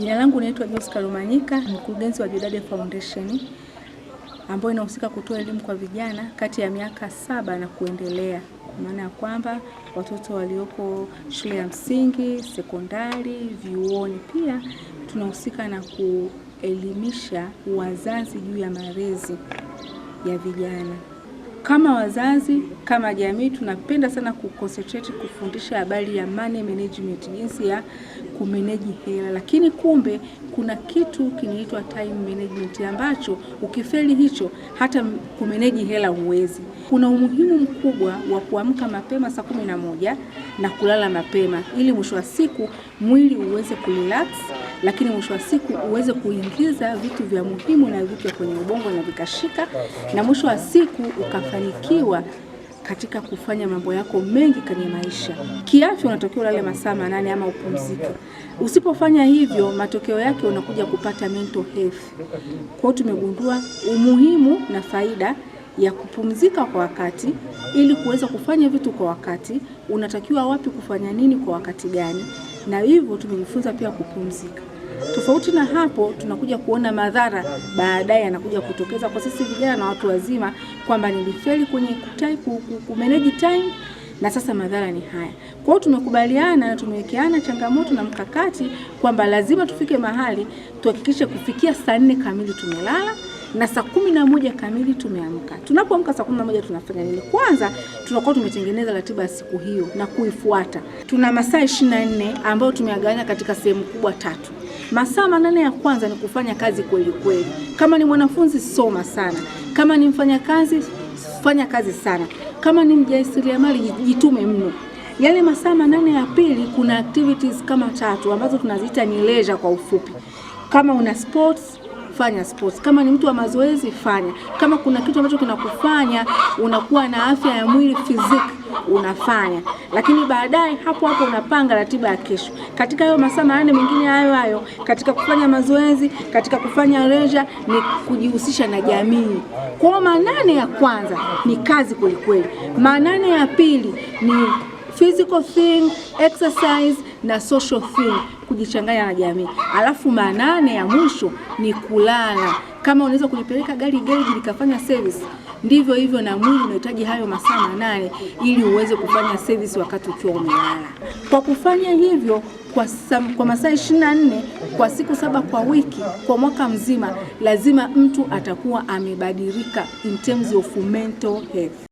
Jina langu naitwa Joska Rumanyika, mkurugenzi wa Jodade Foundation ambayo inahusika kutoa elimu kwa vijana kati ya miaka saba na kuendelea, kwa maana ya kwamba watoto walioko shule ya msingi, sekondari, vyuoni. Pia tunahusika na kuelimisha wazazi juu ya malezi ya vijana. Kama wazazi, kama jamii, tunapenda sana kuconcentrate kufundisha habari ya money management, jinsi ya kumeneji hela, lakini kumbe kuna kitu kinaitwa time management ambacho ukifeli hicho hata kumeneji hela huwezi. Kuna umuhimu mkubwa wa kuamka mapema saa kumi na moja na kulala mapema ili mwisho wa siku mwili uweze kurelax, lakini mwisho wa siku uweze kuingiza vitu vya muhimu na vipya kwenye ubongo na vikashika, na mwisho wa siku ukafanikiwa katika kufanya mambo yako mengi kwenye maisha. Kiafya unatakiwa ulale masaa manane ama upumzike. Usipofanya hivyo, matokeo yake unakuja kupata mental health. Kwa hiyo tumegundua umuhimu na faida ya kupumzika kwa wakati ili kuweza kufanya vitu kwa wakati, unatakiwa wapi kufanya nini kwa wakati gani, na hivyo tumejifunza pia kupumzika. Tofauti na hapo, tunakuja kuona madhara baadaye yanakuja kutokeza kwa sisi vijana na watu wazima, kwamba nilifeli kwenye kutai, kumanage time na sasa madhara ni haya. Kwa hiyo tumekubaliana na tumewekeana changamoto na mkakati kwamba lazima tufike mahali tuhakikishe kufikia saa nne kamili tumelala na saa kumi na moja kamili tumeamka. Tunapoamka saa kumi na moja tunafanya nini? Kwanza tunakuwa tumetengeneza ratiba ya siku hiyo na kuifuata. Tuna masaa ishirini na nne ambayo tumeagawanya katika sehemu kubwa tatu. Masaa manane ya kwanza ni kufanya kazi kweli kweli. Kama ni mwanafunzi, soma sana. Kama ni mfanyakazi, fanya kazi sana. Kama ni mjasiriamali, jitume mno. Yale masaa manane ya pili kuna activities kama tatu ambazo tunaziita ni leisure kwa ufupi. Kama una sports fanya sports. Kama ni mtu wa mazoezi fanya. Kama kuna kitu ambacho kinakufanya unakuwa na afya ya mwili physique unafanya, lakini baadaye hapo hapo unapanga ratiba ya kesho katika hayo masaa manane mengine hayo hayo, katika kufanya mazoezi, katika kufanya leisure, ni kujihusisha na jamii. Kwa manane ya kwanza ni kazi kwelikweli, manane ya pili ni physical thing, exercise na social thing, kujichanganya na jamii. Alafu manane ya mwisho ni kulala. Kama unaweza kulipeleka gari gari likafanya service ndivyo hivyo na mwili unahitaji hayo masaa manane ili uweze kufanya service wakati ukiwa umelala. Kwa kufanya hivyo kwa, kwa masaa 24 kwa siku saba kwa wiki kwa mwaka mzima, lazima mtu atakuwa amebadilika in terms of mental health.